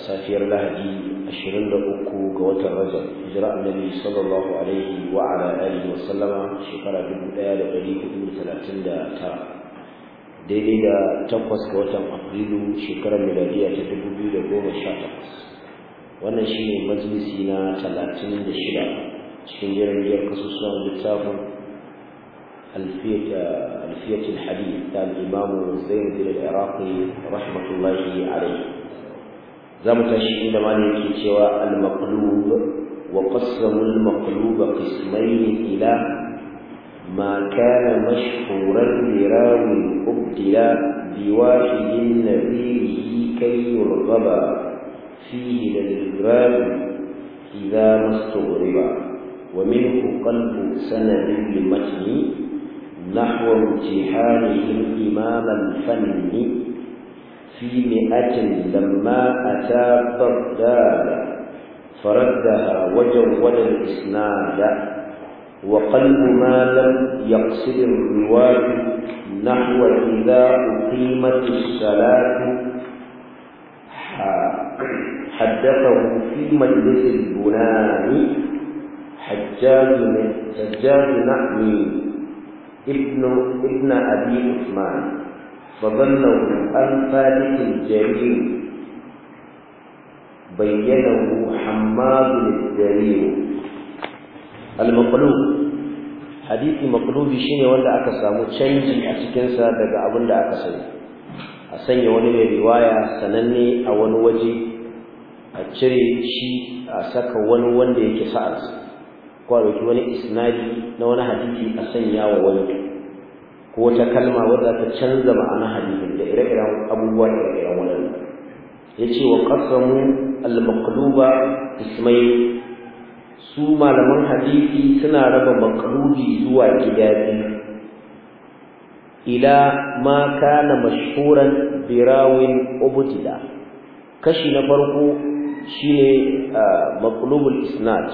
safiyar lahadi uku ga watan rajab hijira annabi sallallahu alaihi wa ala alihi wa sallama shekara tara daidai da takwas ga watan afrilu shekarar miladiya ta takwas wannan shine majalisi na shida cikin jerin jiyar kasusuwan littafin ألفية الحديث ta الإمام زين بن العراقي رحمة zamu tashi inda malai yake cewa al-maqlub wa qassamu al-maqlub qismayn ila ma kana mashhuran li rawi ubtila bi wahidin nabiyyi kay yurghaba fihi lil-grab إذا ما استغرب ومنه قلب سند للمتن نحو امتحانه الإمام الفني في مئة لما أتى بغداد فردها وجود الإسناد وقلب ما لم يقصد الرواد نحو إذا أقيمت الصلاة حدثه في مجلس البنان حجاج حجاج نعمي ابن ابن أبي عثمان فظنوا عن فالح جرير بينه حماد الدرير المقلوب hadisi maqlubi shine wanda aka samu canji a cikinsa daga abin da aka sani a sanya wani mai riwaya sananne a wani waje a cire shi a saka wani wanda yake sa'ar ko a wani isnadi na wani hadisi a sanya wa wani ko wata kalma wadda ta canza ma'ana hadisin da ire-iren abubuwa da ire-iren wannan ya ce wa qasamu al-maqluba ismai su malaman hadisi suna raba maqlubi zuwa gida biyu ila ma kana mashhuran birawin ubtida kashi na farko shine ah, maqlubul isnad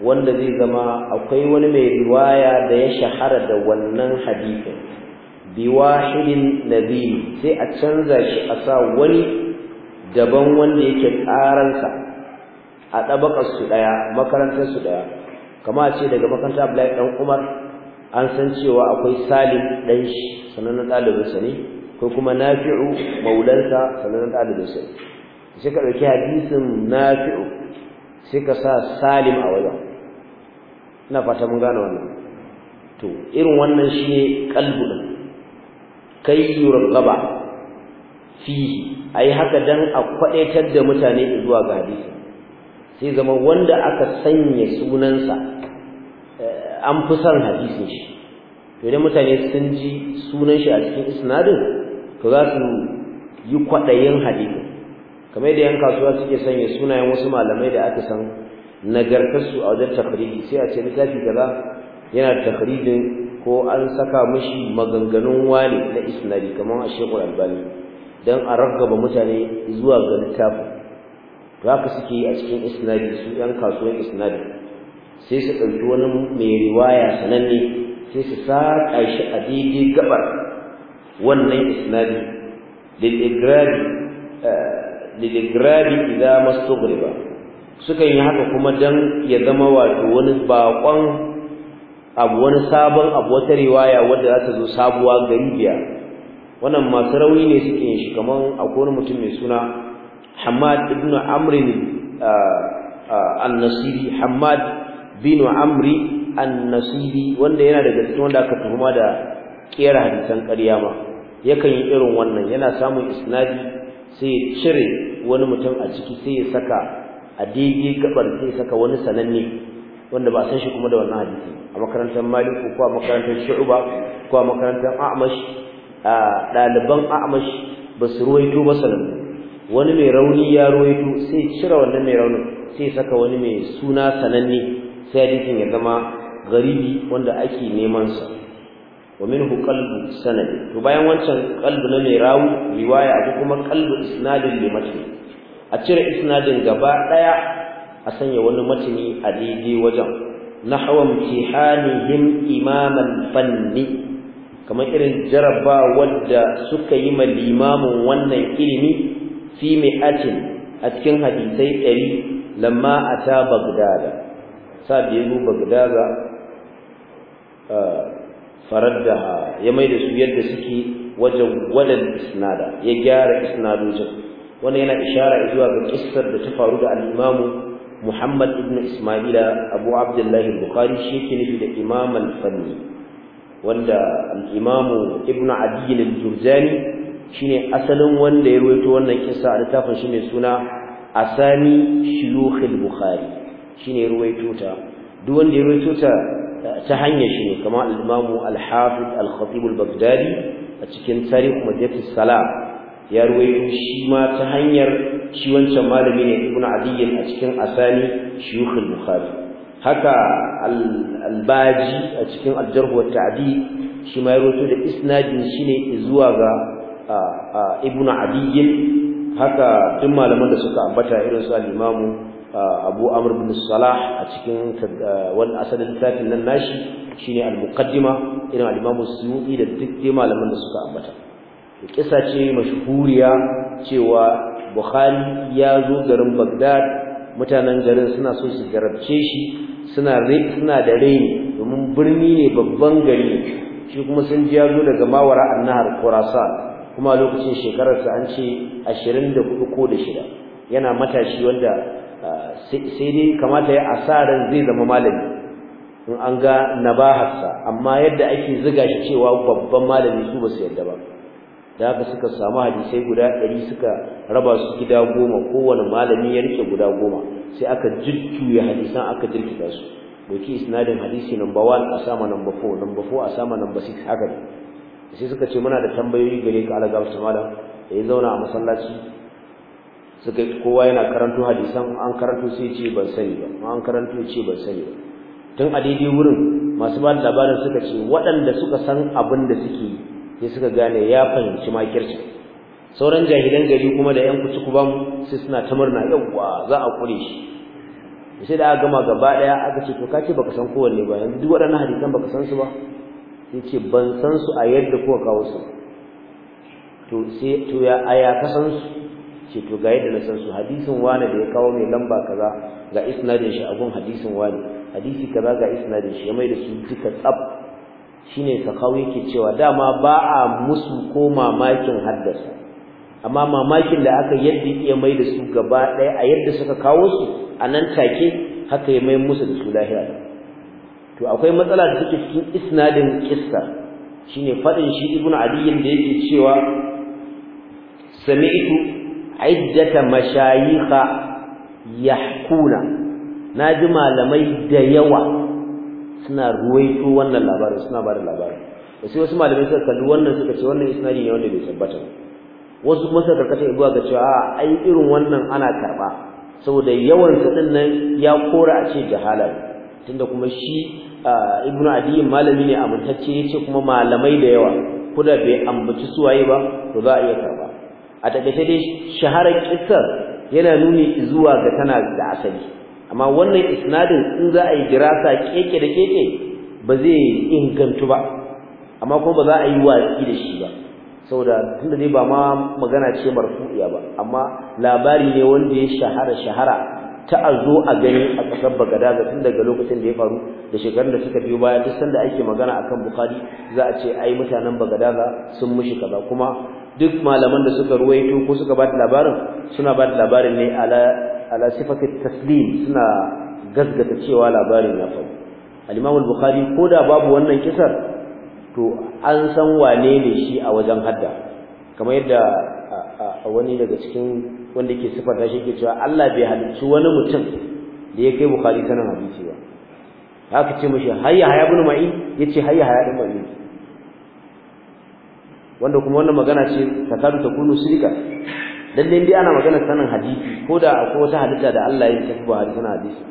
wanda zai zama akwai wani mai riwaya da ya shahara da wannan hadisin biwahidin nabi sai a canza shi a sa wani daban wanda yake karansa a dabakar su ɗaya makarantar su ɗaya Kamar a ce daga makarantar Abdullahi dan Umar an san cewa akwai Salim dan shi sanannen ɗalibinsa ne ko kuma Nafi'u maulanta sanannen ɗalibinsa ne sai ka ɗauki hadisin Nafi'u sai ka sa Salim a wajen ina fata mun gane wannan to irin wannan shine kalbu din kai yurqaba fihi ai haka dan a kwadaitar da mutane zuwa ga hadisi sai zama wanda aka sanya sunansa eh, an fi son hadisin shi to idan mutane sun ji sunan shi a cikin isnadin to za su yi kwaɗayin hadisi. kamar da yan kasuwa suke sanya sunayen wasu malamai da aka san nagartarsu a wajen tafariji sai a ce littafi kaza yana tafarijin ko an saka mashi maganganun wani na isnari kamar a shekul albani don a ragaba mutane zuwa ga Ba ka suke yi a cikin isnari su yan kasuwan isnadi sai su ɗauki wani mai riwaya sananne sai su saƙa shi a daidai gabar wannan isnari lil igrabi eh, idan masu tsogari sukan yi haka kuma dan ya zama wato wani bakon abu wani sabon abu wata riwaya wadda za ta zo sabuwa gari biya wannan masu rauni ne suke yin shi kamar akwai mutum mai suna Hamad ibn Amri uh, uh, an-Nasiri Hamad bin Amri an-Nasiri wanda yana da cikin wanda aka tuhuma da kera hadisan karya ma yakan yi irin wannan yana samun isnadi sai ya cire wani mutum a ciki sai ya saka a gabar sai saka wani sananne wanda ba san shi kuma da wannan hadisi a makarantar maliku ko a makarantar shu'ba ko a makarantar Ahmash a ɗaliban Ahmash ba su ruwaito ba sananne wani mai rauni ya ruwaito sai cire wannan mai raunin sai saka wani mai suna sananne sai hadisin ya zama garibi wanda ake neman sa wa minhu qalbu sanadi. to bayan wancan qalbu na mai rawu riwaya akwai kuma qalbu isnadin limatni a cire isnadin gaba daya a sanya wani matini a daidai wajen nahwa imtihanihim imaman fanni kamar irin jaraba wadda suka yi ma limamin wannan ilimi fi mi'atin a cikin hadisai ɗari lamma ta bagdada sa da yazo bagdada faradda ya mai da su yadda suke wajen walal isnada ya gyara isnadojin wannan yana ishara zuwa ga kissar da ta faru da al-Imam Muhammad ibn Isma'ila Abu Abdullah al-Bukhari shi ne nufi da Imam al-Fanni wanda al-Imam Ibn Adi al-Jurjani shine asalin wanda ya ruwaito wannan kissa a littafin shi mai suna Asami Shuyukh al-Bukhari shine ruwaito ta duk wanda ya ruwaito ta ta hanyar shi ne kamar al-Imam al-Hafiz al-Khatib al-Baghdadi a cikin Tarikh Majlis ya ruwaito shi ma ta hanyar shi wancan malami ne ibn adiyyin a cikin asani shuyukhul bukhari haka al-baji a cikin al-jarh wa ta'dil shi ma ya ruwaito da isnadin shine zuwa ga ibn adiyyin haka duk malaman da suka ambata irin su al-imamu Abu Amr bin Salah a cikin asalin littafin nan nashi shine al-muqaddima irin al-imamu Suyuti da duk malaman da suka ambata kisa ce mashhuriya cewa Bukhari ya zo garin Baghdad mutanen garin suna so su garabce shi suna suna da raini domin birni ne babban gari shi kuma sun ji ya daga mawara annahar Khurasan kuma lokacin shekararsa an ce 24 ko da shida yana matashi wanda sai dai kamata ya asaran zai zama malami in an ga sa amma yadda ake ziga shi cewa babban malami su ba su yadda ba da haka suka samu hadisai guda ɗari suka raba su gida goma kowane malami ya rike guda goma sai aka ya hadisan aka jirkita su doki isnadin hadisi number one a sama number four number four a sama number six haka ne sai suka ce muna da tambayoyi gare ka alaga su malam da ya zauna a masallaci suka kowa yana karanto hadisan an karanto sai ce ban sani ba an karanto ce ban sani ba tun a daidai wurin masu ba da labarin suka ce waɗanda suka san abin da suke yi sai suka gane ya fahimci makirci sauran jahilan gari kuma da yan kuci kuban sai suna ta murna yawwa za a kure shi sai da aka gama gaba daya aka ce to ka ce baka san kowanne ba yanzu duk waɗannan hadisan baka san su ba sai ce ban san su a yadda kowa kawo su to sai to ya aya ka san su ce to ga yadda na san su hadisin wani da ya kawo mai lamba kaza ga isnadin shi abun hadisin wani hadisi kaza ga isnadin shi ya mai da su duka tsab shine sakau yake cewa dama ba a musu ko mamakin haddasa amma mamakin da aka yadda ya mai da su gaba ɗaya a yadda suka kawo su a nan take haka ya mai musu da su lahira to akwai matsala da take cikin isnadin kissa shine fadin shi ibnu adiyin da yake cewa sami'tu iddata mashayikha yahkuna ji malamai da yawa suna ruwaito wannan labarin suna ba da labarin da sai wasu malamai suka kalli wannan suka ce wannan isnadi ne wanda bai tabbata wasu kuma suka karkata zuwa ga cewa a ai irin wannan ana karba saboda yawan sa nan ya kora a ce jahala tunda kuma shi ibnu adiyin malami ne a ya ce kuma malamai da yawa kuda bai ambaci suwaye ba to za a iya karba a takaice dai shaharar kissar yana nuni zuwa ga tana da asali amma wannan isnadin in za a yi dirasa keke da keke ba zai ingantu ba amma kuma ba za a yi watsi da shi ba saboda tunda dai ba ma magana ce marfu'iya ba amma labari ne wanda ya shahara shahara ta a zo a gani a ƙasar Bagadaza tun daga lokacin da ya faru da shekarun da suka biyo baya duk sanda ake magana akan Bukhari za a ce ai mutanen bagada sun mushi kaza kuma duk malaman da suka ruwaito ko suka bada labarin suna bada labarin ne ala ala sifati taslim suna gasgata cewa labarin ya faru al-Imam al-Bukhari ko da babu wannan kisar to an san wane ne shi a wajen hadda kamar yadda wani daga cikin wanda yake sifata shi ke cewa Allah bai halicci wani mutum da ya kai Bukhari sanin hadisi ba haka ce mishi hayya haya ibn Ma'in yace hayya haya ibn Ma'in wanda kuma wannan magana ce ta kunu sirka dan dai ana magana sanin hadisi ko da akwai wata halitta da Allah ya tafi ba hadisin hadisi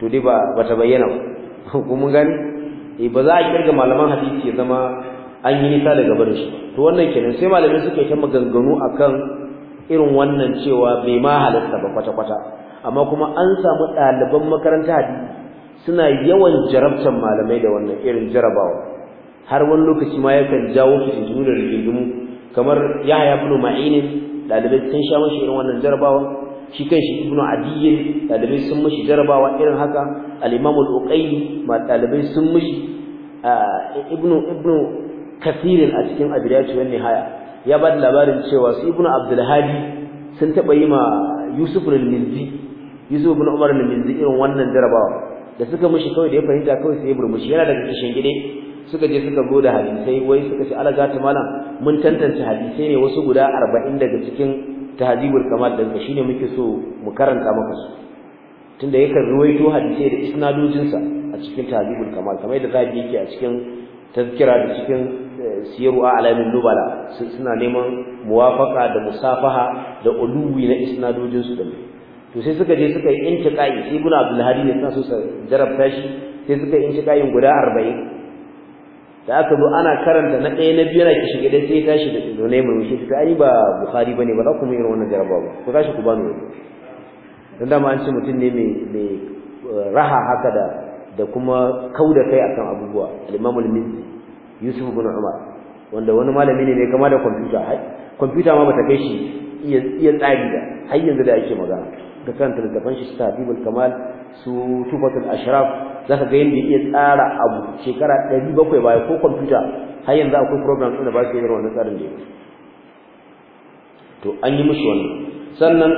to dai ba bata bayyana ba ko mun gani eh ba za a kirga malaman hadisi ya zama an yi nisa daga barin shi to wannan kenan sai malamai suka yi ta maganganu akan irin wannan cewa bai ma halatta ba kwata kwata amma kuma an samu ɗaliban makaranta hadisi suna yawan jarabtan malamai da wannan irin jarabawa har wani lokaci ma yakan jawo su su da rigingimu kamar ya haya ibn ma'inin dalibai sun sha mashi irin wannan jarabawa shi kan shi ibn adiyyin dalibai sun mashi jarabawa irin haka al-imam ma dalibai sun mashi ibnu ibn kathirin a cikin abiyatu wan nihaya ya ba da labarin cewa su ibnu abdul hadi sun taba yi ma yusuf al-mizzi yusuf ibn umar al-mizzi irin wannan jarabawa da suka mishi kawai da ya fahimta kawai sai ya burmushi yana daga kishin gide suka je suka zo da hadisai wai suka ce ala zata malam mun tantance hadisai ne wasu guda 40 daga cikin tahdibul kamal da shine muke so mu karanta maka su tunda yakan ruwaito hadisai da isnadojin sa a cikin tahdibul kamal kamar yadda zabi yake a cikin tazkira da cikin eh, siyaru alamin nubala suna neman muwafaka da musafaha da uluwi na isnadojin su din to sai suka je suka yi intiqai ibnu abdul hadi ne suna so jarabta shi sai suka yi intiqai guda 40 da aka zo ana karanta na ɗaya na biyar ki shiga dai sai tashi da ne mai mushi ta ani ba bukhari bane ba za ku mu irin wannan jaraba ba ku tashi ku bani wani dan dama an ce mutum ne mai eh, raha haka da da kuma kauda kai akan abubuwa al-Imam al-Mizzi Yusuf ibn Umar wanda wani malami ne mai kama da kwamfuta kwamfuta ma bata kai shi iya tsari da har yanzu da ake magana da karanta littafin shi Tahdhibul Kamal su tufatul ashraf zaka ga yanda yake tsara abu shekara 700 baya ko computer har yanzu akwai program din da ba su yi wannan tsarin da to an yi mushi wannan sannan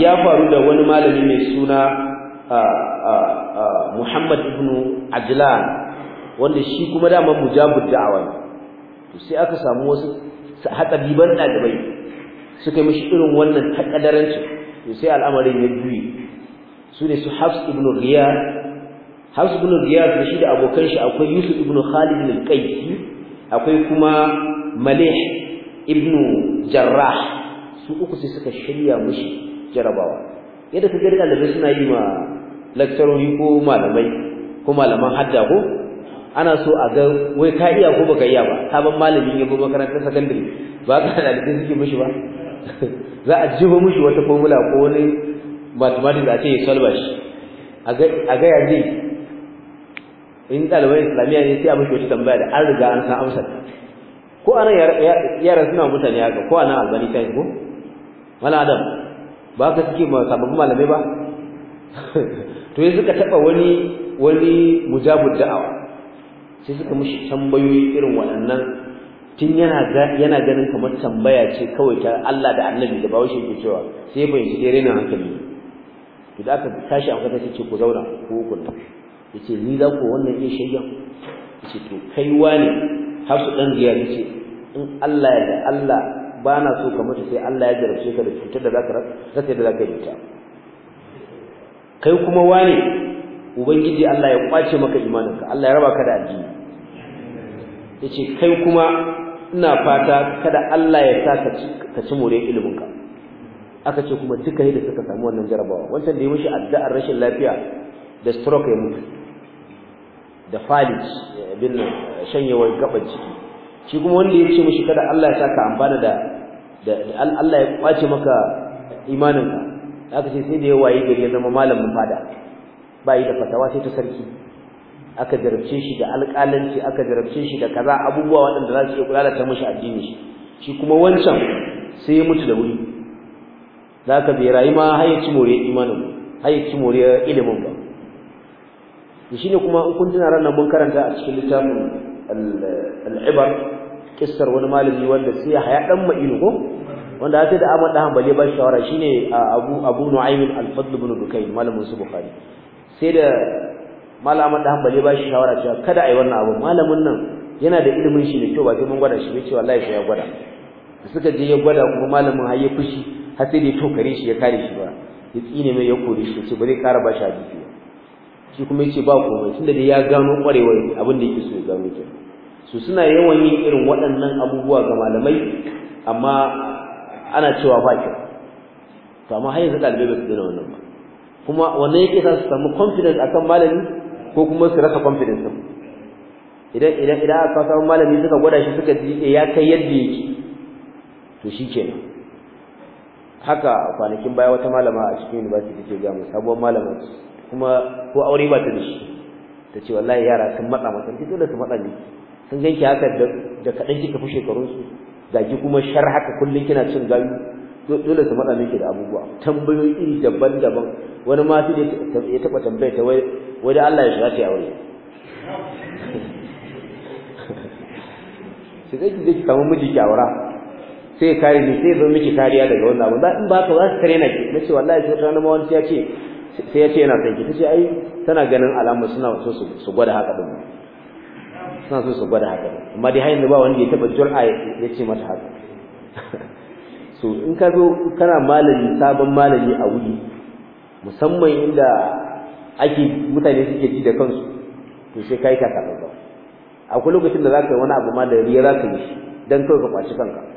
ya faru da wani malami mai suna Muhammad ibn Ajlan wanda shi kuma dama mujabud da'awa to sai aka samu wasu ban dalibai suka yi mishi irin wannan takadaranci to sai al'amarin ya juyi su ne su Hafs ibn Riyad Hafs ibn Riyad da shi da abokan shi akwai Yusuf ibn Khalid al-Qaisi akwai kuma Malih ibn Jarrah su uku sai suka shirya mushi jarabawa yadda kaga dalibai suna yi ma lakcarori ko malamai ko malaman hadda ko ana so a ga wai ka iya ko baka iya ba sabon malamin ya bi makarantar sakandare ba ka da dalibai suke mushi ba za a jiba mushi wata formula ko wani mathematics a ce solve shi a ga ya in dalibai islamiyya ne sai a mashi wata tambaya da an riga an san amsar ko anan yaran suna mutane haka ko anan albani ta ko wani adam ba ka suke ma sababbin malamai ba to yanzu ka taɓa wani wani mujabu da'awa sai suka mashi tambayoyi irin waɗannan tun yana ganin kamar tambaya ce kawai ta Allah da Annabi da bawo shi ke cewa sai bai shi dai na hankali to da aka tashi a kasa ce ku zauna ko ku kunna yace ni za ku wannan iya shayyan yace to kai wani har su dan ziyara yace in Allah ya da Allah ba na so ka mutu sai Allah ya jarabce ka da cutar da zaka rasa da zaka yi ta kai kuma wani ubangiji Allah ya kwace maka imaninka Allah ya raba ka da addini yace kai kuma ina fata kada Allah ya sa ka ci more ka aka ce kuma duka da suka samu wannan jarabawa wancan da ya mishi addu'ar rashin lafiya da stroke ya mutu da falis eh, bin eh, shanyewar gaban ciki shi kuma wanda ya ce mishi kada Allah ya saka amfana da Allah ya kwace maka imaninka aka ce sai da ya yi gari ya zama malamin fada ba yi da fatawa sai ta sarki aka jarabce shi da alƙalanci aka jarabce shi da kaza abubuwa waɗanda za su iya kula da ta mishi addini shi shi kuma wancan sai ya mutu da wuri za ka bai rayu ma har ci more imanin har ci more ilimin ba shi ne kuma in kun tuna ranar mun karanta a cikin littafin al'ibar kissar wani malami wanda sai ya haya dan ma'inu ko wanda sai da Ahmad dan Hanbali ba shawara shine Abu Abu Nu'aym al-Fadl ibn Dukay malamin su Bukhari sai da Malam Ahmad dan Hanbali ba shawara cewa kada ai wannan abu malamin nan yana da ilimin shi da kyau ba sai mun gwada shi bai ce wallahi sai ya gwada suka je ya gwada kuma malamin har ya fushi har sai da ya tokare shi ya kare shi ba ya tsine mai ya kore shi ce ba zai kara ba shi a ba shi kuma yace ba komai tunda dai ya gano kwarewar abin da yake so ya gano ke su suna yawan yin irin waɗannan abubuwa ga malamai amma ana cewa ba ke. to amma har yanzu dalibai ba su gina wannan ba kuma wannan yake sa su samu confidence akan malami ko kuma su rasa confidence idan idan idan aka samu malami suka gwada shi suka ji eh, ya kai yadda yake to shikenan haka kwanakin baya wata malama a cikin university take ga mu sabuwar malama kuma ko aure ba ta da shi ta ce wallahi yara sun matsa mata ki dole su matsa ne sun ganki haka da kaɗan kika fi shekarun su ga ki kuma shar haka kullum kina cin gayu dole su matsa miki da abubuwa tambayoyi iri daban-daban wani ma sai ya taɓa tambaya ta wai wai da Allah ya shiga ta aure sai zai ki samu miji ki aura sai kare ni sai zo miki kariya daga wannan abu ba in ba ka za ka kare na ki nace wallahi sai ta nemo wani ya ce sai ya ce yana son ki tace ai tana ganin alama suna so su gwada haka din suna so su gwada haka amma dai har yanzu ba wanda ya taba jur'a ya ce mata haka so in ka zo kana malami sabon malami a wuri musamman inda ake mutane suke ji da kansu to sai kai ka kaɗa ba akwai lokacin da za ka yi wani abu ma da riya za ka yi shi don kawai ka kwaci kanka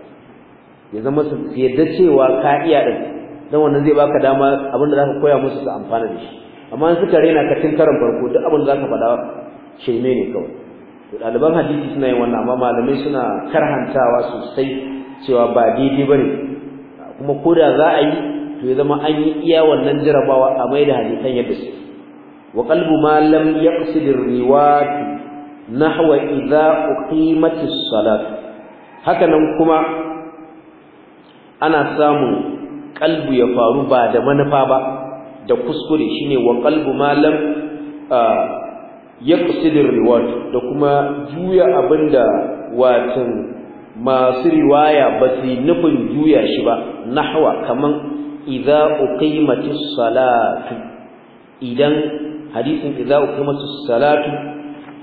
ya zama su yadda cewa ka iya din dan wannan zai baka dama abin da zaka koya musu su amfana da shi amma in suka rena ka tun karin farko duk abin da zaka faɗa shirme ne kawai to ɗaliban hadisi suna yin wannan amma malamai suna karhantawa sosai cewa ba daidai ne. kuma ko da za a yi to ya zama an yi iya wannan jarabawa a mai da hadisan yadda su wa qalbu ma lam yaqsid ar-riwat ku idza uqimatis salat hakanan kuma ana samun kalbu ya faru ba da manufa ba da kuskure shine wa qalbu malam yaqsidir riwayat da kuma juya abinda watan masu riwaya ba su nufin juya shi ba nahwa kaman idza uqimatis salatu idan hadisin idza uqimatis salatu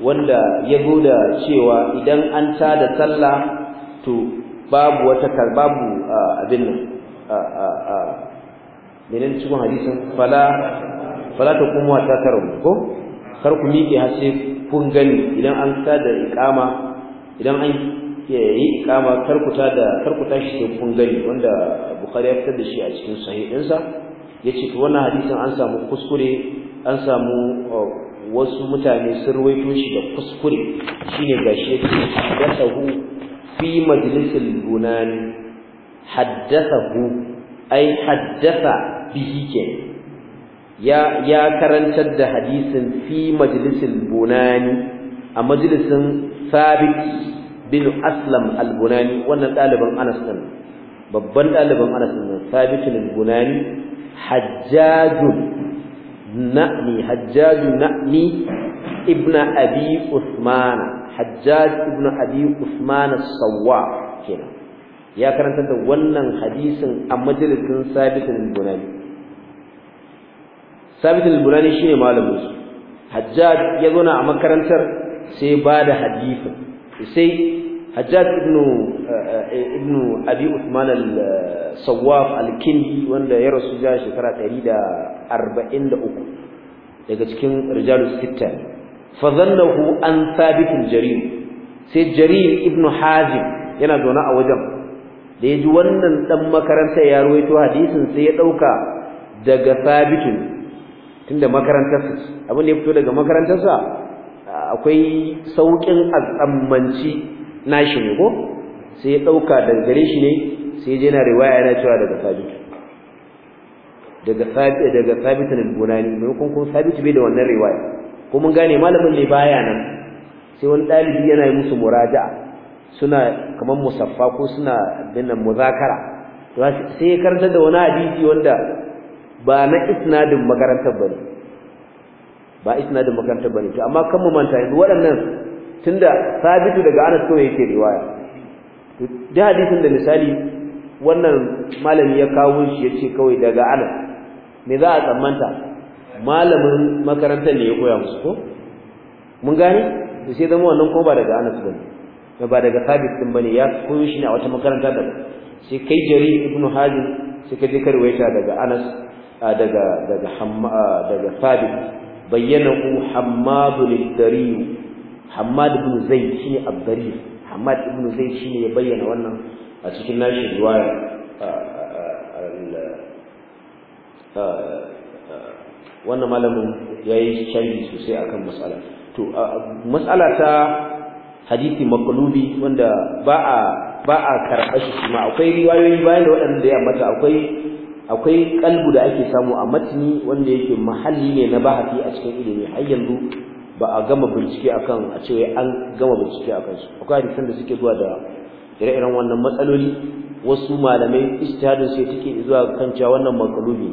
wanda ya goda cewa idan an ta da sallah to babu wata babu abin nan menene cikin hadisin fala fala ta kuma ta karu ko kar ku miƙe har sai kun gani idan an ta da iqama idan an yi iqama kar ku ta da kar ku tashi sai kun gani wanda bukhari ya fitar da shi a cikin sahihinsa yace to wannan hadisin an samu kuskure an samu wasu mutane sun ruwaito shi da kuskure shine gashi yake da sahu fi majlisil bunani haddathahu ai haddatha bihi ke ya ya karantar da hadisin fi majlisil bunani a majlisin sabit bin aslam al-bunani wannan daliban Anas din babban daliban Anas din sabit al-bunani hajjajun na'mi hajjaju na'mi ibn abi usmana hajjaj ibn abi usmana sawwa kenan ya karanta da wannan hadisin a majalisin Sabit al-Bunani Sabit al-Bunani shine malamin su Hajjaj ya zo na a makarantar sai ba da hadisin sai Hajjaj ibn uh, uh, ibn Abi Uthman al-Sawwaf al-Kindi wanda ya rasu ja shekara 143 daga cikin rijalus sitta fa dhannahu an Sabit jarir sai Jarir ibn Hazim yana zaune a wajen da yaji wannan ɗan makarantar ya ruwaito hadisin sai ya ɗauka daga sabitin tunda makarantarsa abin da ya fito daga makarantarsa akwai sauƙin tsammanci nashi ne ko sai ya ɗauka daga gare shi ne sai je na riwaya yana cewa daga sabitu daga sabitu daga sabitu ne bunani mai kun sabitu bai da wannan riwaya ko mun gane malamin ne baya nan sai wani ɗalibi yana yi musu muraja'a suna kamar musaffa ko suna dinnan muzakara sai karanta da wani hadisi wanda ba na isnadin makarantar bane ba isnadin makarantar bane to amma kan mu manta yanzu waɗannan tunda sabitu daga Anas ko yake riwaya to da hadisin da misali wannan malami ya kawo shi yace kawai daga Anas me za a tsammanta malamin makarantar ne ya koya musu ko mun gane sai zama wannan ko ba daga Anas bane da ba daga sabit din bane ya koyo shi ne a wata makaranta da sai kai jari ibn hazim sai ka je ka daga anas daga daga hamma daga sabit bayyana ku hammadu lidari hammad ibn zaid shine abdari hammad ibn zaid shine ya bayyana wannan a cikin nashi riwaya wannan malamin yayi sharhi sosai akan mas'ala to mas'ala ta hadisi maqlubi wanda ba a ba a karɓa shi kuma akwai riwayoyi bayan da waɗanda ya mata akwai akwai kalbu da ake samu a matni wanda yake mahalli ne na bahasi a cikin ilimi har yanzu ba a gama bincike akan a ce an gama bincike akan su akwai hadisan da suke zuwa da ire-iren wannan matsaloli wasu malamai istihadin sai take zuwa kan cewa wannan maqlubi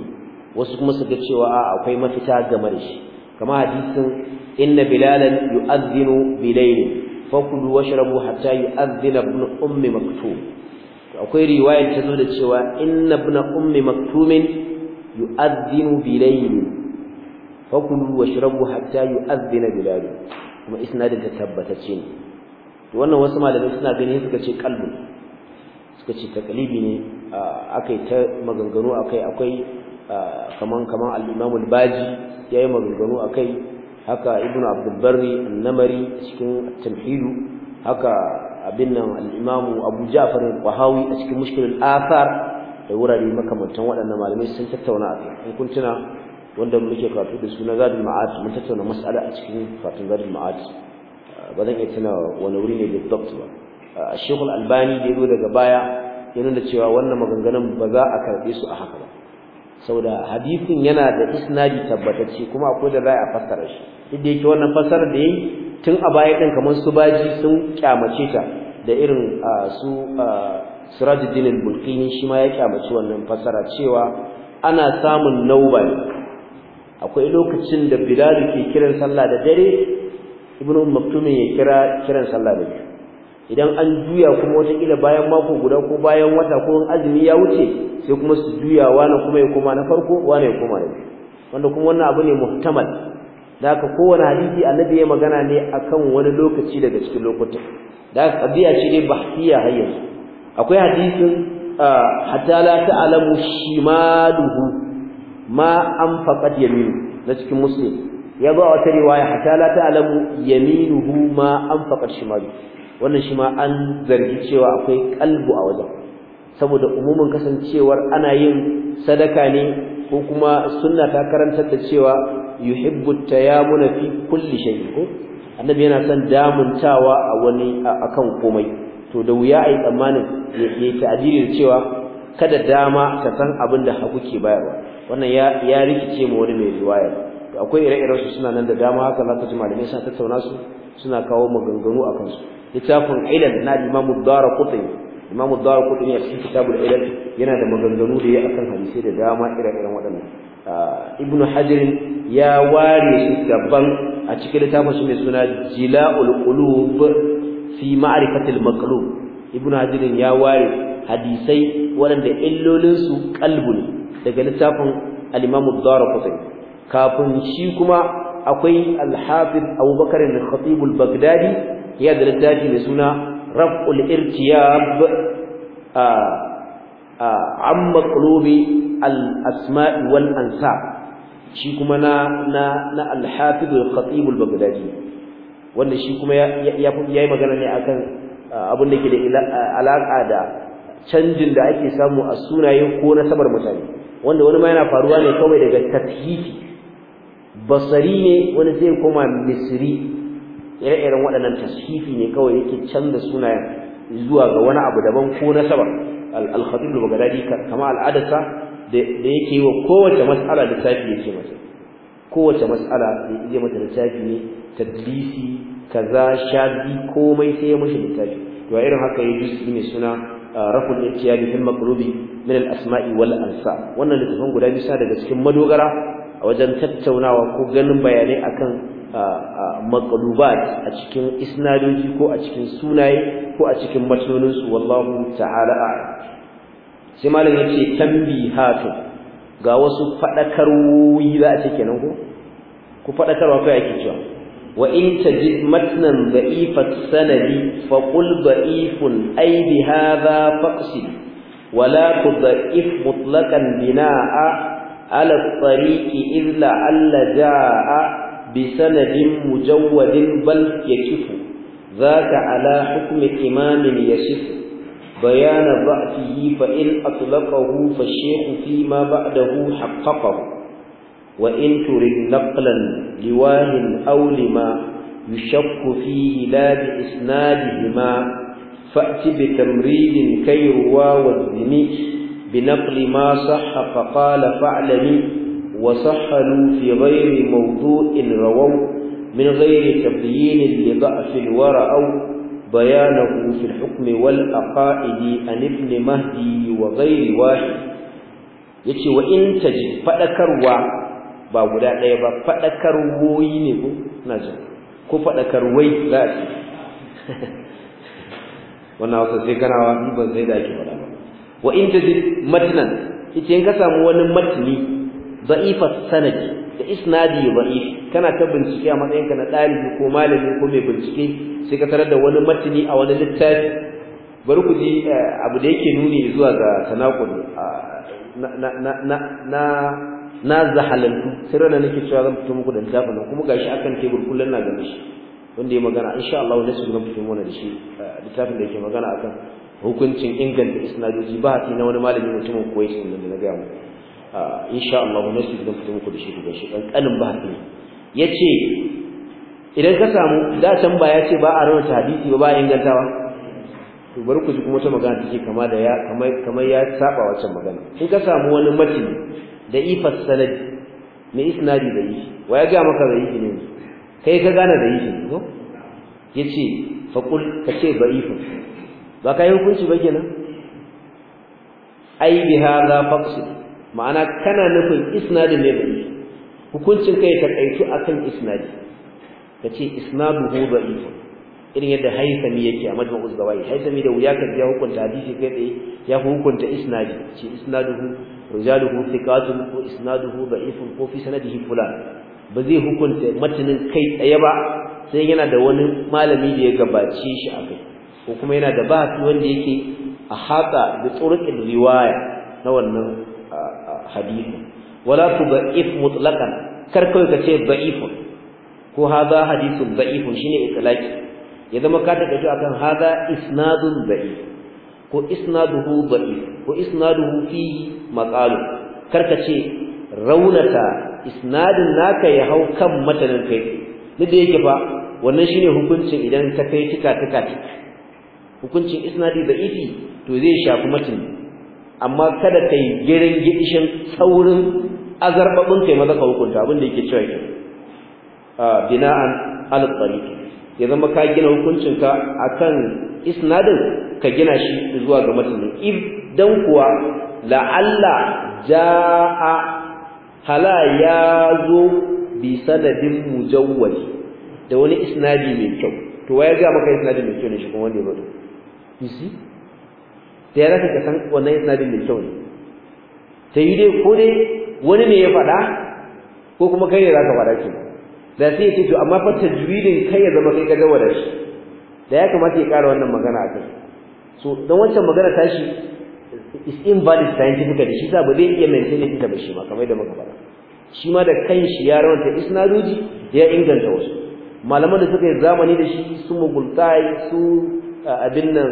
wasu kuma suka cewa a akwai mafita game da shi kama hadisin inna bilalan yu'adhdhinu bilayl fakulu washrabu hatta yu'adhdhina ibn ummi maktum akwai riwaya ta zo da cewa inna ibn ummi maktumin yu'adhdhinu bilayl fakulu washrabu hatta yu'adhdhina bilal kuma isnadin ta tabbatacce ne to wannan wasu malamai suna gani suka ce kalbu suka ce takalibi ne akai ta maganganu akai akwai kaman kaman al-imam al-baji yayi maganganu akai haka ibn abdulbari annamari a cikin tamhidu haka abin nan al'imamu abu ja'far al-qahawi a cikin mushkilul athar da wurare makamantan waɗannan malamai sun tattauna a kai kun tuna wanda muke karatu da suna zadul ma'ad mun tattauna mas'ala a cikin fatun zadul ma'ad ba zan iya tuna wani wuri ne bidabt ba shekul albani da yazo daga baya ya nuna cewa wannan maganganun ba za a karɓe su a haka ba Sau da hadisin yana da isnadi tabbatacce kuma akwai da za a fassara shi duk da yake wannan fassarar da yayi tun a baya din kamar su baji sun kyamace ta da irin su Sirajuddin al-Bulqini shi ma ya kyamace wannan fassara cewa ana samun nauba akwai lokacin da Bilal ke kiran sallah da dare Ibn Maktum ya kira kiran sallah da dare idan an juya kuma watakila bayan mako guda ko bayan wata ko azumi ya wuce sai kuma su juya wani kuma ya koma na farko wani ya koma na wanda kuma wannan abu ne muhtamal da haka kowane hadisi annabi ya magana ne akan wani lokaci daga cikin lokuta da haka qadiya ce ne bahtiya har akwai hadisin hatta la ta'lamu shimaluhu ma anfaqat yaminu na cikin muslim ya ba wata riwaya hatta la ta'lamu yaminuhu ma anfaqat shimaluhu wannan shi ma an zargi cewa akwai kalbu a wajen saboda umumin kasancewar ana yin sadaka ne ko kuma sunna ta karantar da cewa yuhibbu tayamuna fi kulli shay'in ko annabi yana son damuntawa a wani akan komai to da wuya ai tsammanin yayi ta'adiri da cewa kada dama ta san abin da hagu ke bayarwa wannan ya ya rikice mu wani mai riwaya akwai ire-iren su suna nan da dama haka za ka ji malamai suna tattauna su suna kawo maganganu a kansu littafin ilal na imamu dara kutai imamu dara kutai a cikin kitabul ilal yana da maganganu da ya akan hadisai da dama ire-iren waɗannan ah, ibn hajar ya ware su daban a cikin littafin shi mai suna jila'ul qulub fi ma'rifatil maqlub ibn hajar ya ware hadisai waɗanda illolinsu kalbu ne daga littafin al-imamu dara kutai kafin shi kuma akwai al-hafiz abubakar al-khatib al-baghdadi ya da daji mai suna raf'ul irtiyab a a maqlubi al-asma'i wal ansab shi kuma na na na al-hafiz al-khatib al-baghdadi wanda shi kuma ya yi magana ne akan abin da ke da alaka da canjin da ake samu a sunaye ko na nasabar mutane wanda wani ma yana faruwa ne kawai daga tashifi basari ne wani zai koma misri ire-iren waɗannan tashifi ne kawai yake canza sunayen zuwa ga wani abu daban ko nasaba al-khatib al-baghdadi kama al'adarsa da yake wa kowace mas'ala lissafi yake mata kowace mas'ala zai mata lissafi ne tadlisi kaza shazi komai sai ya mushi lissafi to irin haka ya ji mai suna rafu al-ihtiyali fil maqlubi min al-asma'i wal ansa wannan littafin guda bisa daga cikin madogara wajen tattaunawa ko ganin bayanai akan maqlubat a cikin isnadoji ko a cikin sunaye ko a cikin matnonin su wallahu ta'ala a sai malam yace tanbihatu ga wasu fadakarwoyi za a ce kenan ko ku fadakarwa kai ake cewa wa in tajid matnan da'ifat sanadi fa qul da'ifun ay bi hadha faqsid ولا تضعف mutlaqan bina'a? ala tsariki illa alla ja'a bi sanadin mujawwadin bal yakifu zaka ala hukmi imamin yashifu bayana yi fa in atlaqahu fa shaykhu fi ma ba'dahu haqqaqahu wa in turid naqlan liwahin aw lima yushakku fihi la bi isnadihima fa'ti bi tamridin kay wa wa بنقل ما صح فقال فعلني وصحلوا في غير موضوع رووا من غير تبيين لضعف الورى أو بيانه في الحكم والأقائد أن ابن مهدي وغير واحد yace wa in taj fadakarwa ba guda daya ba fadakarwoyi ne ko na ji ko fadakarwai za a ce wannan wasu sai kana wa in ban zai dace ba wa in tajid matnan yace in ka samu wani matni da'ifas sanadi da isnadi da'if kana ta bincike a matsayinka na ɗalibi ko malami ko mai bincike sai ka tarar da wani matni a wani littafi bari ku ji eh, abu da yake nuni zuwa ga tanakul na na na na na zahalantu sai ranar nake cewa zan fito muku da littafin kuma gashi akan tebur kullun na gani shi wanda ya magana insha Allah ne su zan fito mana da shi eh, littafin da yake magana akan hukuncin inganta isnadoji ba hafi na wani malami mutumin kuwait din da na gaya mu ah, sha Allah na su zan fito muku da shi daga shi kankanin ba Ya ce, idan ka samu da can ba ya ce ba a rawaita hadisi ba ba ingantawa to bari ku ji kuma ta magana take kama da ya kamar ya saba wancan magana in ka samu wani matin da ifas sanad mai isnadi da yi wa ya ga maka da yi ne kai ka gane da yi ne ko yace fa qul ka ce ifas. ba kai hukunci ba kenan ai bi hadha faqsi ma'ana kana nufin isnadin ne bai hukuncin kai ta kaitu akan isnadi kace isnaduhu da'if irin yadda haisami yake a majmu'uz gawai haisami da wuya kan ya hukunta hadisi kai tsaye ya hukunta isnadi ce isnaduhu rijaluhu thiqatun ko isnaduhu da'ifun ko fi sanadihi fulan ba zai hukunta matanin kai tsaye ba sai yana da wani malami da ya gabace shi a kai ko kuma yana da ba su wanda yake a hata da turuqil riwaya na wannan hadisi wala tubaif mutlaqan kar kai ka ce ba'ifun ko hadha hadithun ba'ifun shine itlaqi ya zama ka ta kace akan hadha isnadun ba'if ko isnaduhu ba'if ko isnaduhu fi maƙalu. kar ka ce raunata isnadin naka ya hau kan matanin kai duk da yake ba wannan shine hukuncin idan ka kai tika tika tika hukuncin isnadi da'ifi to zai shafi matin amma kada kai girin gidishin saurin azarbabin kai maza ka hukunta abin da yake cewa ke a bina'an ala ya zama ka gina hukuncin ka akan isnadin ka gina shi zuwa ga matin if dan kuwa la'alla jaa hala ya zo bi sanadin mujawwal da wani isnadi mai kyau to waya ga maka isnadi mai kyau ne shi kuma wanda ya bada you see da ya zaka san wannan isnadin da kyau ne ta yi dai ko dai wani ne ya faɗa ko kuma kai ne za ka faɗa ke da sai ya ce to amma fa tajwidin kai ya zama kai ka gawara shi da ya kamata ya ƙara wannan magana a kai so dan wancan magana tashi is invalid scientifically shi sa ba zai iya maintaining ita ba shi ma kamar da muka faɗa shi ma da kanshi ya rawanta isnadoji ya inganta wasu malaman da suka yi zamani da shi su mugultai su abin nan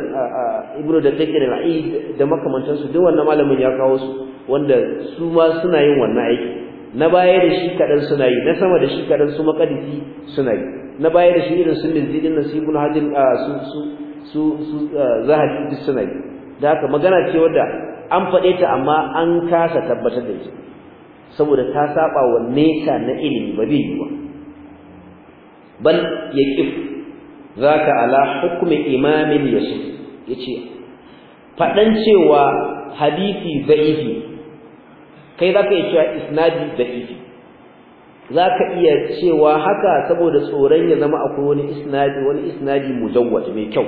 ibnu da take al-aid da makamantansu duk wannan malamin ya kawo su wanda su ma suna yin wannan aiki na baya da shi kadan suna yi na sama da shi kadan su makadisi suna yi na baya da shi irin sunnin zidin nan su ibnu hajin su su su zahabi duk suna yi da haka magana ce wadda an faɗe ta amma an kasa tabbatar da ita saboda ta saba wa nesa na ilimi ba bai yi ba bal yaqif zaka ala hukmi imamin yasu yace fadan cewa hadisi da'ifi kai zaka yi cewa isnadi da'ifi zaka iya cewa haka saboda tsoron ya zama akwai wani isnadi wani isnadi mujawwad mai kyau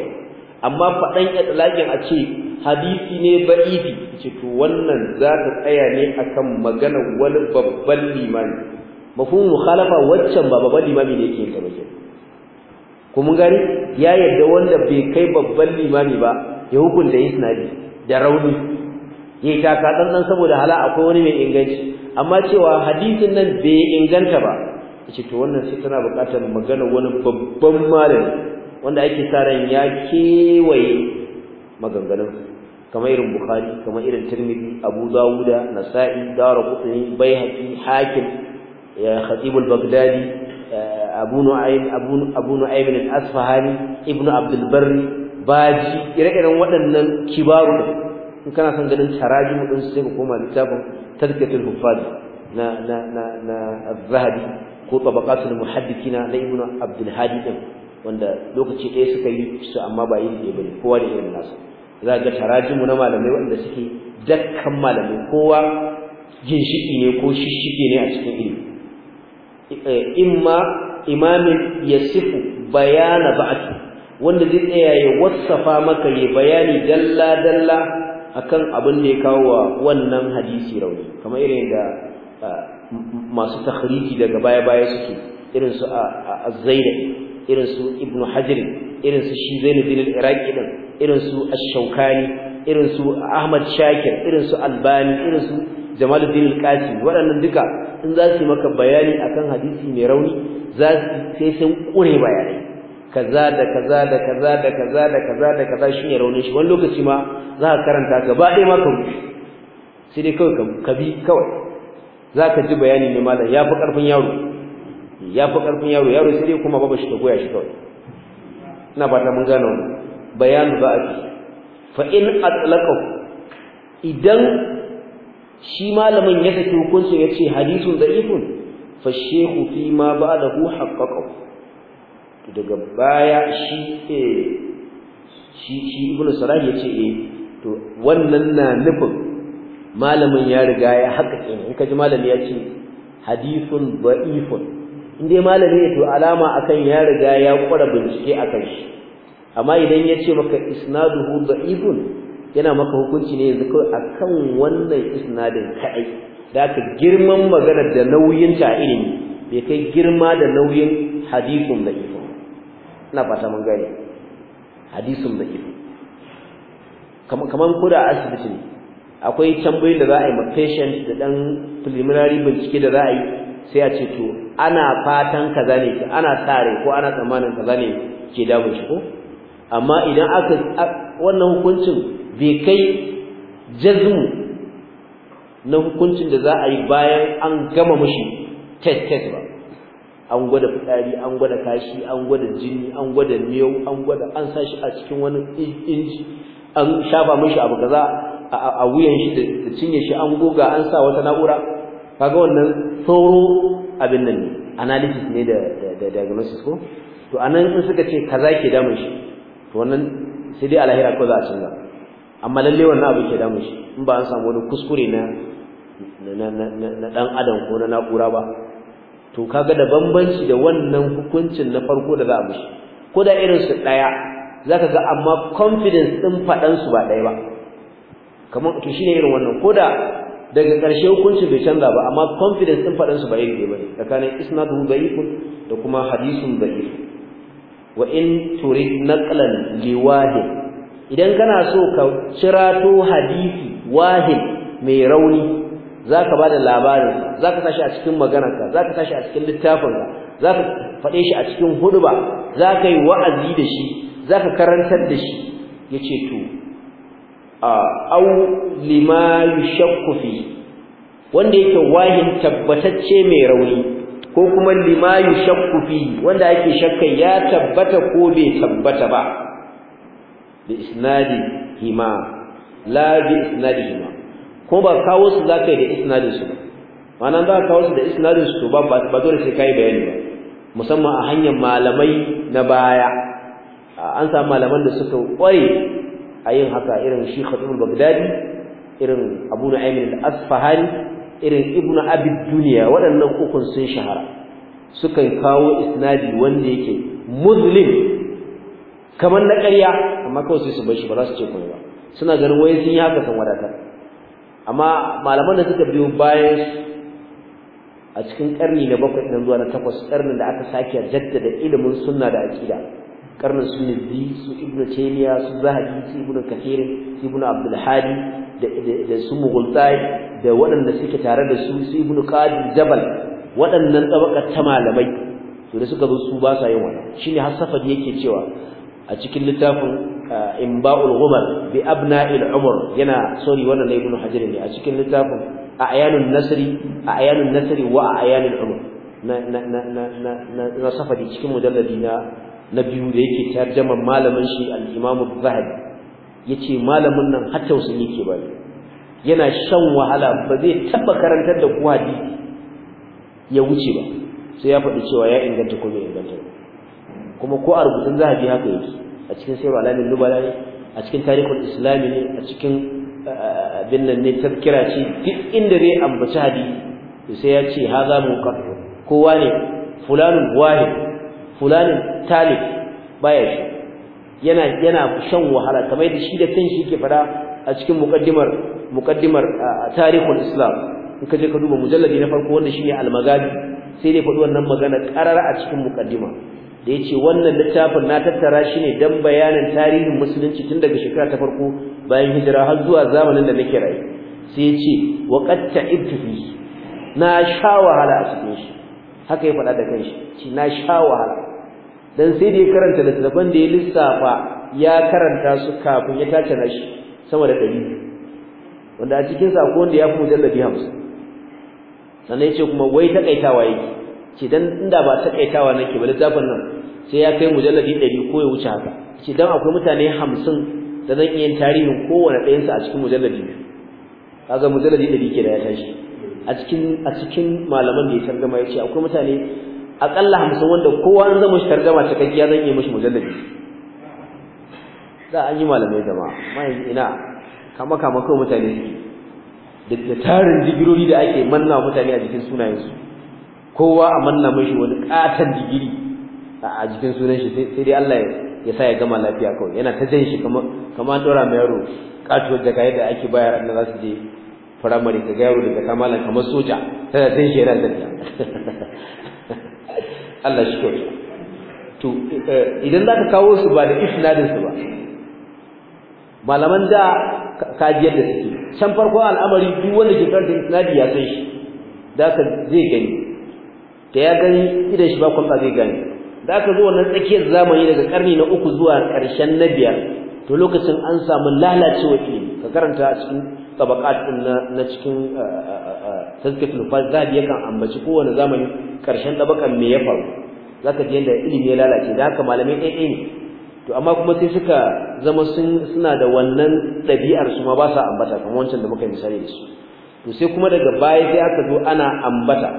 amma fadan itlaqin a ce hadisi ne da'ifi yace to wannan zaka tsaya ne akan magana wani babban limami mafhumu mukhalafa waccan ba babban limami ne yake tabbata ko mun gani ya yarda wanda bai kai babban limami ba ya hukunta sinadi da rauni Ya yi taka dan saboda hala akwai wani mai inganci amma cewa hadisin nan bai inganta ba yace to wannan sai tana buƙatar magana wani babban malami wanda ake sa ran ya kewaye maganganun kamar irin bukhari kamar irin tirmidhi abu dawuda nasa'i darqutni baihaqi hakim ya khatib al-baghdadi abu nu'aym abu abu al-asfahani ibnu abdul barri baji ire-iren waɗannan kibaru in kana son ganin tarajim din sai ka koma littafin tazkiyatul huffaz na na na na az-zahabi ko tabaqatul muhaddithina na ibnu abdul hadi din wanda lokaci ɗaya suka yi su amma ba yi da bane kowa da irin nasu za ga tarajimu na malamai wanda suke dakkan malamai kowa ginshiki ne ko shishike ne a cikin ilimi eh, imma imamin yasifu bayana ba'ati wanda zai tsaya ya wasafa maka ya bayani dalla dalla akan abin da ya kawo wa wannan hadisi rauni kamar irin da masu takhriji daga baya baya suke irin su a zaidi irin su ibn hajar irin su shi zainuddin al-iraqi din irin su ash-shawkani irin su ahmad shakir irin su albani irin su Jamaluddin al-Qasi waɗannan duka in za su maka bayani akan hadisi mai rauni za su sai sun kure bayani kaza da kaza da kaza da kaza da kaza da kaza shi ne raunin shi wani lokaci ma za ka karanta gaba ɗaya ma ka sai dai kawai ka bi kawai za ka ji bayani mai malam ya fi ƙarfin yaro ya fi ƙarfin yaro yaro sai dai kuma babu shi ta goya shi kawai ina ba ta mun gane wani bayanu za a fi fa in atlaqahu idan shi malamin ya saki hukuncin ya ce hadisun da'ifun fa shehu fi ma ba'dahu haqqaqahu to daga baya shi eh shi shi ibnu sarah ya ce eh to wannan na nufin malamin ya riga ya haƙaƙe in ka ji malami ya ce hadithun da'ifun Inde dai malami ya to alama akan ya riga ya kwara bincike akan shi amma idan ya ce maka isnaduhu da'ifun yana maka hukunci ne yanzu kawai akan wannan isnadin kai da ka girman magana da nauyin ta ilimi bai kai girma da nauyin hadisun da ifo ina fata mun gane hadisun da ifo kamar ko da asibiti ne akwai tambayoyin da za a yi ma patient da dan preliminary bincike da za a yi sai a ce to ana fatan kaza ne ana tsare ko ana tsammanin kaza ne ke damun shi ko amma idan aka wannan hukuncin bai kai jazmu na hukuncin da za a yi bayan an gama mushi test test ba an gwada fitsari an gwada kashi an gwada jini an gwada miyau an gwada an sa shi a cikin wani inji an shafa mishi abu kaza a wuyan shi da cinye shi an goga an sa wata na'ura kaga wannan sauro abin nan ne analysis ne da da diagnosis ko to anan in suka ce kaza ke damun shi to wannan sai dai alahira ko za a canza amma lalle wannan abin ke damu shi in ba an samu wani kuskure na na dan adam ko na na'ura ba to kaga da bambanci da wannan hukuncin na farko da za a mishi ko da irin su daya zaka ga amma confidence din fadan su ba daya ba kamar to shine irin wannan ko da daga ƙarshe hukuncin bai canza ba amma confidence din fadan su ba iri ne tsakanin isnadu da'ifun da kuma hadisun da'if wa in turid naqlan liwahid idan kana so ka cirato hadisi wahid mai rauni zaka bada labarin zaka tashi a cikin maganarka zaka tashi a cikin littafinka zaka fade shi a cikin huduba zaka yi wa'azi da shi zaka karantar da shi yace to au lima yushakku fi wanda yake wahin tabbatacce mai rauni ko kuma lima yushakku fi wanda yake shakka ya tabbata ko bai tabbata ba بإسنادهما لا hima, ko ba kawo su za ka da isnadin su ba ma'ana za ka kawo su da isnadin su ba ba dole sai kai bayani ba musamman a hanyar malamai na baya an samu malaman da suka kware a yin haka irin shi khatibul bagdadi irin abu nu'aymin al-asfahani irin ibnu abid duniya waɗannan ukun sun shahara sukan kawo isnadi wanda yake muslim kamar na ƙarya amma kawai sai su bar shi ba za su ce komai ba suna ganin wai sun yi haka kan wadatar amma malaman da suka biyo bayan a cikin ƙarni na bakwai ɗin zuwa na takwas ƙarnin da aka sake jaddada ilimin sunna da aƙida. Ƙarnin su biyu, su ibnu taymiya su zahabi su ibn kathir su ibn abdul hadi da su mughultai da waɗanda suke tare da su su ibn qadim jabal waɗannan tabaka ta malamai to da suka zo su ba sa yin wannan shine har yake cewa a cikin littafin uh, imba'ul ghumar bi abna'il umar yana sorry wannan ne ibn hajar ne a cikin littafin ayanun nasri ayanun nasri wa ayanul umar na na na na na safadi cikin mujalladi na na biyu da yake tarjama malamin shi al-imam az-zahabi yace malamin nan har tausayi yake ba yana shan wahala ba zai taba karantar da ku hadisi ya wuce ba sai ya faɗi cewa ya inganta ko bai inganta ba kuma ko a rubutun zahabi haka yake a cikin sayar alamin lubala ne a cikin tarihul islami ne a cikin eh, abin nan ne tafkira ce duk inda zai ambaci hadisi sai ya ce haza muqaddu kowa ne fulanun wahid fulanin talib baya shi yana yana shan wahala kamar da shi da shi yake fada a cikin muqaddimar muqaddimar eh, tarihin islam in ka je ka duba mujalladi na farko wanda shine al-magazi sai dai faɗi wannan magana karara a cikin muqaddima da ce wannan littafin na tattara shi ne don bayanin tarihin musulunci tun daga shekara ta farko bayan hijira har zuwa zamanin da nake rayu sai ya ce wa qad ta'ibtu na sha wahala a cikin shi haka ya faɗa da kanshi ci na sha wahala dan sai da ya karanta littafin da ya lissafa ya karanta su kafin ya tace na shi sama da ɗari. wanda a cikin sa wanda ya fi mujalladi hamsin. sannan ya ce kuma wai takaitawa yake ce dan inda ba takaitawa nake ba littafin nan sai ya kai mujalladi 100 ko ya wuce haka ce dan akwai mutane 50 da zan iya tarihin kowanne ɗayan su a cikin mujalladi kaga mujalladi 100 ke da ya tashi a cikin a cikin malaman da ya targama yace akwai mutane akalla 50 wanda kowa an zama shi targama cikakkiya zan iya mishi mujalladi da an yi malamai jama'a mai ina kama kama kawai mutane suke da tarin digirori da ake manna mutane a jikin sunayensu kowa a manna mishi wani katan digiri a jikin sunan shi sai dai Allah ya sa ya gama lafiya kawai yana ta jin shi kamar dora mai yaro katuwar da kai da ake bayar na za su je firamare ka ga yaro daga kamalan kamar soja tana jan shi yana da Allah shi kawai to eh, idan za ka kawo su ba da isnadin su ba malaman da kajiyar da suke can farko al'amari duk wanda ke karanta isnadi ya san shi da ka zai gani da ya gani idan shi ba kwanta zai gani da aka zo wannan tsakiyar zamani daga karni na uku zuwa ƙarshen na biyar to lokacin an samu lalacewa ilimi ka karanta a cikin tabaqat na cikin tazkiyatul fazab yakan ambaci kowane zamani ƙarshen tabakan me ya faru zaka ji yadda ilimi ya lalace da haka malamai ɗaya ne to amma kuma sai suka zama suna da wannan ɗabi'ar su ma ba sa ambata kamar wancan da muka misali da su to sai kuma daga baya sai aka zo ana ambata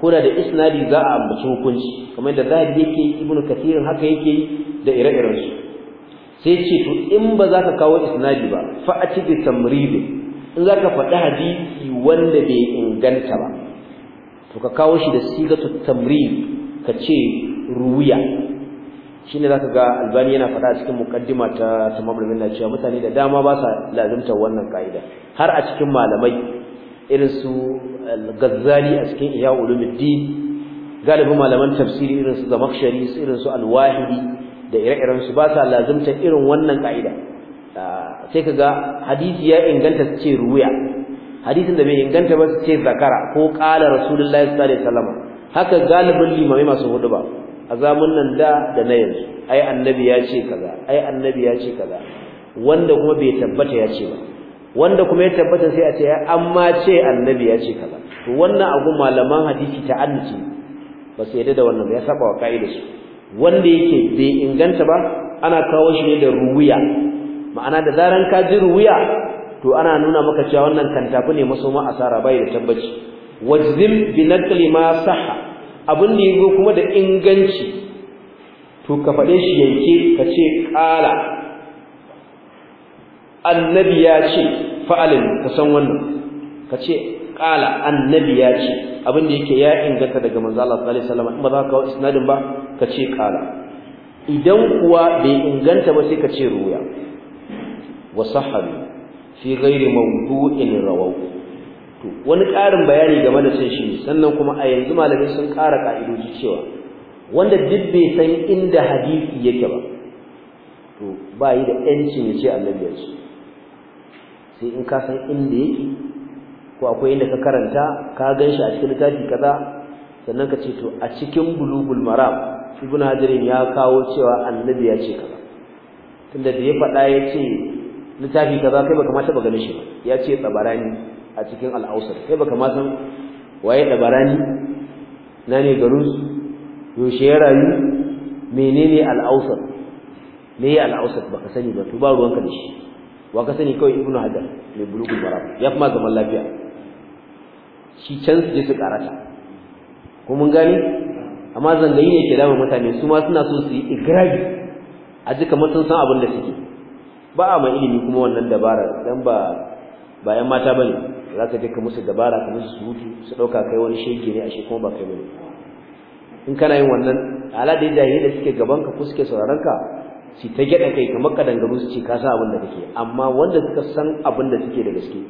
kuna da isnadi za a ambaci hukunci kamar yadda zahabi yake ibnu kathirin haka yake da ire-iren su sai ce to in ba za ka kawo isnadi ba fa ci bi tamrid in za ka faɗi hadisi wanda bai inganta ba to ka kawo shi da sigatu tamrid ka ce ruwiya shine zaka ga albani yana faɗa a cikin muqaddima ta tamamul minna cewa mutane da dama ba sa lazimta wannan kaida har a cikin malamai irin su al-Ghazali a cikin Ihya Ulumuddin galibin malaman tafsiri irin su Zamakhshari su irin su Al-Wahidi da ire-iren su ba sa lazimta irin wannan kaida ah, sai kaga hadisi ya inganta su ce ruya hadisin da bai inganta ba ce zakara ko qala Rasulullahi sallallahu alaihi wasallam haka galibin limamai masu hudu ba a nan da da na yanzu ai annabi ya ce kaza ai annabi ya ce kaza wanda kuma bai tabbata ya ce ba wanda kuma ya tabbata sai a ce amma ce annabi ya ce kaza to wannan abu malaman hadisi ta annace ba su da wannan ya saba wa kaida su wanda yake bai inganta ba ana kawo shi ne da ruwiya ma'ana da zaran ka ji ruwiya to ana nuna maka cewa wannan kantafi ne masoma asara bai da tabbaci wajzim bi naqli ma sahha abin da yago kuma da inganci to ka faɗe shi yake ka ce ƙala annabi ya ce fa'alin ka san wannan ka ce ƙala, annabi ya ce abin da yake ya inganta daga manzo Allah sallallahu alaihi ba za ka kawo isnadin ba ka ce ƙala. idan kuwa bai inganta ba sai ka ce ruya wa sahabi fi ghairi mawdu'in rawaw to wani ƙarin bayani game da sai shi sannan kuma a yanzu malamai sun ƙara ka'idoji cewa wanda duk bai san inda hadisi yake ba to ba yi da ƴancin ya ce annabi ya ce sai in ka san inda yake ko akwai inda ka karanta ka gan shi a cikin littafi kaza sannan ka ce to a cikin bulugul maram ibn hajarin ya kawo cewa annabi ya ce kaza tunda da ya faɗa ya ce littafi kaza kai baka ma taɓa ganin shi ya ce tsabarani a cikin al'ausar kai baka ma san waye tsabarani na ne garin yaushe ya rayu menene al'ausar me ya al'ausar baka sani ba to ba ruwanka da shi wa ka sani kawai ibnu hajar mai bulugun barabu ya fi ma zaman lafiya shi can su je su karata kuma mun gani amma zangayi ne ke damar mutane su ma suna so su yi igirabi a ji kamar sun san abin da suke ba a mai ilimi kuma wannan dabarar dan ba ba mata ba ne za ka je musu dabara ka musu hutu su ɗauka kai wani shege ne a shi kuma ba kai ne in kana yin wannan ala da jahilai da suke gaban ka ko suke sauraron ka su ta gyada kai kamar kadangaru su ce ka san abin da kake amma wanda suka san abin da suke da gaske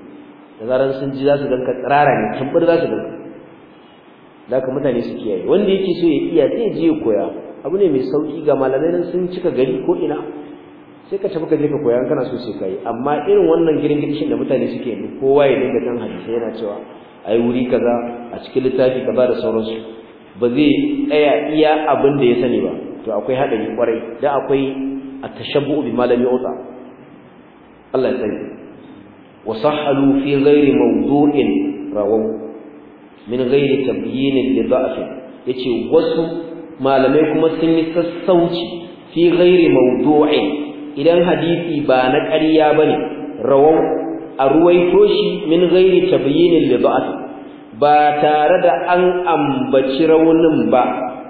da zaran sun ji za su ganka tsirara ne tambar za su ganka da haka mutane su kiyaye wanda yake so ya iya zai je ya koya abu ne mai sauki ga malamai nan sun cika gari ko ina sai ka tafi ka je ka koya kana so sai kai amma irin wannan girin-girin da mutane suke yi kowa ya dinga kan hadisi yana cewa ai wuri kaza a cikin littafi kaza da sauransu ba zai tsaya iya abin da ya sani ba to akwai haɗari kwarai da akwai التشبؤ بما لم يعطى الله يسلمك وصحلوا في غير موضوع رووا من غير تبيين لضعف yace wasu malamai kuma sun yi sassauci fi ghairi mawdu'in idan hadisi ba na ƙarya bane rawau a ruwaito shi min ghairi tabyinin li da'af ba tare da an ambaci raunin ba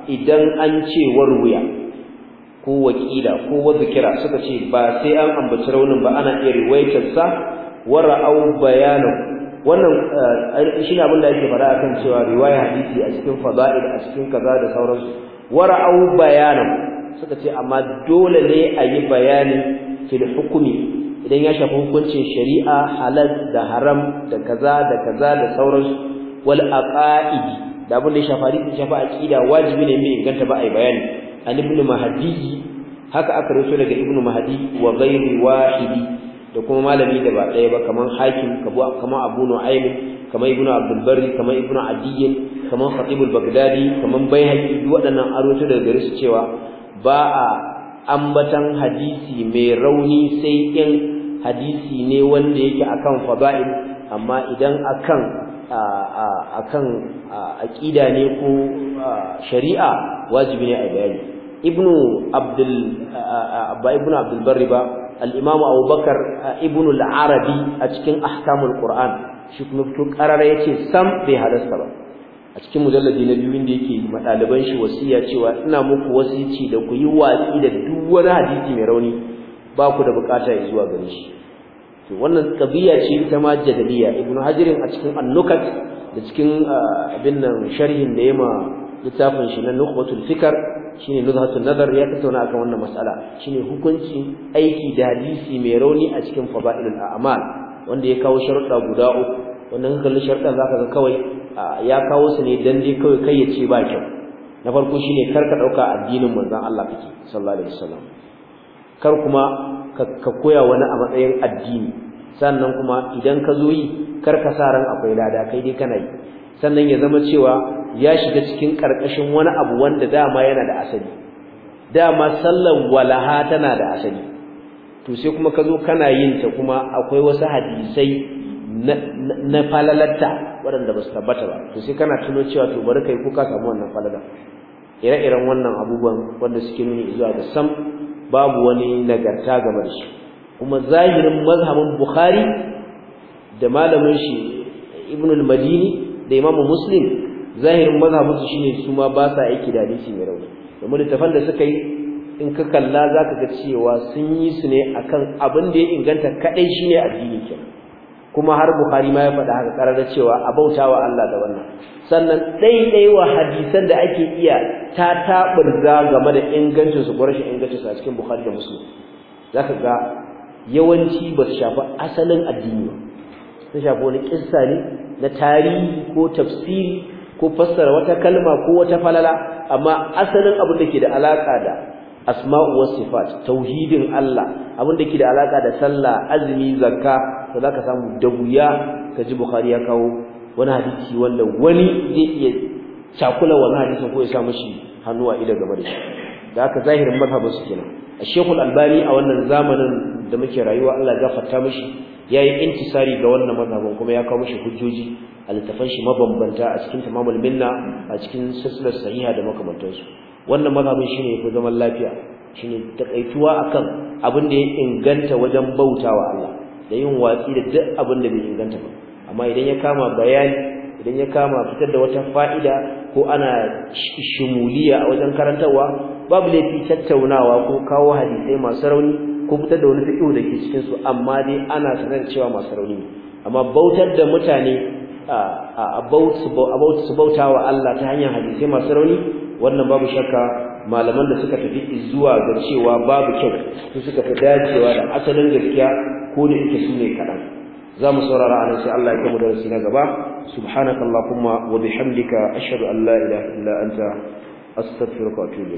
idan an ce warwiya ko wakila ko wazikira suka ce ba sai an ambaci raunin ba ana iya riwayatar sa wa ra'au bayanu wannan eh, shi abin da yake fara akan cewa riwaya hadisi a cikin fada'il a cikin kaza da sauransu wa ra'au bayanu suka ce amma dole ne a yi bayani fil hukumi idan ya shafi hukuncin shari'a halal da haram da kaza da kaza da sauransu wal aqaidi da abin da ya shafi shafi aqida wajibi ne mai inganta ba a yi bayani an ibn mahdi haka aka rawaito daga ibn mahdi wa ghairi wahidi da kuma malami da ba ɗaya ba kamar hakim kamar abu nu'aym kamar ibn abdul barri kamar ibn adiyyin kaman khatib al-baghdadi duk wadannan waɗannan aroto daga gare su cewa ba a ambatan hadisi mai rauni sai in hadisi ne wanda yake akan fada'il amma idan akan akan aqida ne ko shari'a wajibi ne a bayani ibnu abdul ba uh, uh, ibnu abdul barri ba al-imam abubakar uh, ibnu al-arabi a cikin ahkamul qur'an shi kuma fito karara yace sam bai halasta ba a cikin mujalladi na biyu inda yake madaliban shi wasiya cewa ina muku wasici da ku yi watsi da duk wani hadisi mai rauni ba ku da bukata zuwa gare shi to wannan kabiya ce ta ma jadaliya ibnu hajirin a cikin annukat da cikin abin nan sharhin da yema littafin shi na nukhbatul fikar shine nuzhatun nazar ya tattauna akan wannan mas'ala shine hukunci aiki da hadisi mai rauni a cikin fadailul a'mal wanda ya kawo sharuɗa guda uku wannan kallon sharuɗa zaka ga kawai ya kawo su ne dan dai kawai kai ya ce ba kyau na farko shine kar ka dauka addinin manzon Allah kake sallallahu alaihi wasallam kar kuma ka koya wani a matsayin addini sannan kuma idan ka zo yi kar ka sa ran akwai lada kai dai kana yi sannan ya zama cewa ya shiga cikin karkashin wani abu wanda dama yana da asali dama sallan walaha tana da asali to sai kuma ka zo kana yin ta kuma akwai wasu hadisai na falalatta waɗanda ba su tabbata ba to sai kana tuno cewa to bari kai ko ka samu wannan falala ire-iren wannan abubuwan wanda suke nuni zuwa ga sam babu wani nagarta game da shi kuma zahirin mazhabin bukhari da malamin shi ibnul madini da imamu muslim zahirin mazhabin su shine su ma ba sa aiki da hadisi mai rauni domin tafan da suka yi in ka kalla zaka ga cewa sun yi su ne akan abin da ya inganta kadai shine addini kenan kuma har Buhari ma ya faɗa haka karara cewa a bautawa Allah da wannan sannan ɗaiɗai wa hadisan da ake iya ta taburza game da ingancin su ko rashin ingancin su a cikin Bukhari da Muslim zaka ga yawanci ba su shafi asalin addini ba sun shafi wani kissa ne na tarihi ko tafsiri ko fassara wata kalma ko wata falala amma asalin abin da ke da alaka da asma'u was sifat tauhidin Allah abin da ke da alaka da sallah azumi zakka to zaka samu dabuya ka ji bukhari ya kawo wani hadisi wanda wani zai iya cakula wani hadisin ko ya sa mishi hannuwa ida gaba da shi da haka zahirin mazhabin su kenan shekul Albani a wannan zamanin da muke rayuwa Allah ya gafarta mishi yayi intisari ga wannan mazhabin kuma ya kawo mishi hujjoji littafan shi mabambanta a cikin tamamul minna a cikin silsilar sahiha da makamantansu wannan mazhabin shine yafi zaman lafiya shine takaituwa akan abin da ya inganta wajen bautawa Allah da yin watsi da duk abin da bai inganta ba amma idan ya kama bayani idan ya kama fitar da wata fa'ida ko ana shimuliya a wajen karantarwa babu laifi tattaunawa ko kawo hadisai masu rauni ko fitar da wani fiqh da ke cikin su amma dai ana sanar cewa masu rauni amma bautar da mutane about su bauta wa Allah ta hanyar hadisai masu rauni wannan babu shakka malaman da suka tafi zuwa ga cewa babu kyau su suka fi dacewa da asalin gaskiya ko da ita su ne kaɗan za mu saurara a nan sai Allah ya kai mu darasi na gaba subhanakallahumma wa bihamdika ashhadu an la ilaha illa anta astaghfiruka wa atubu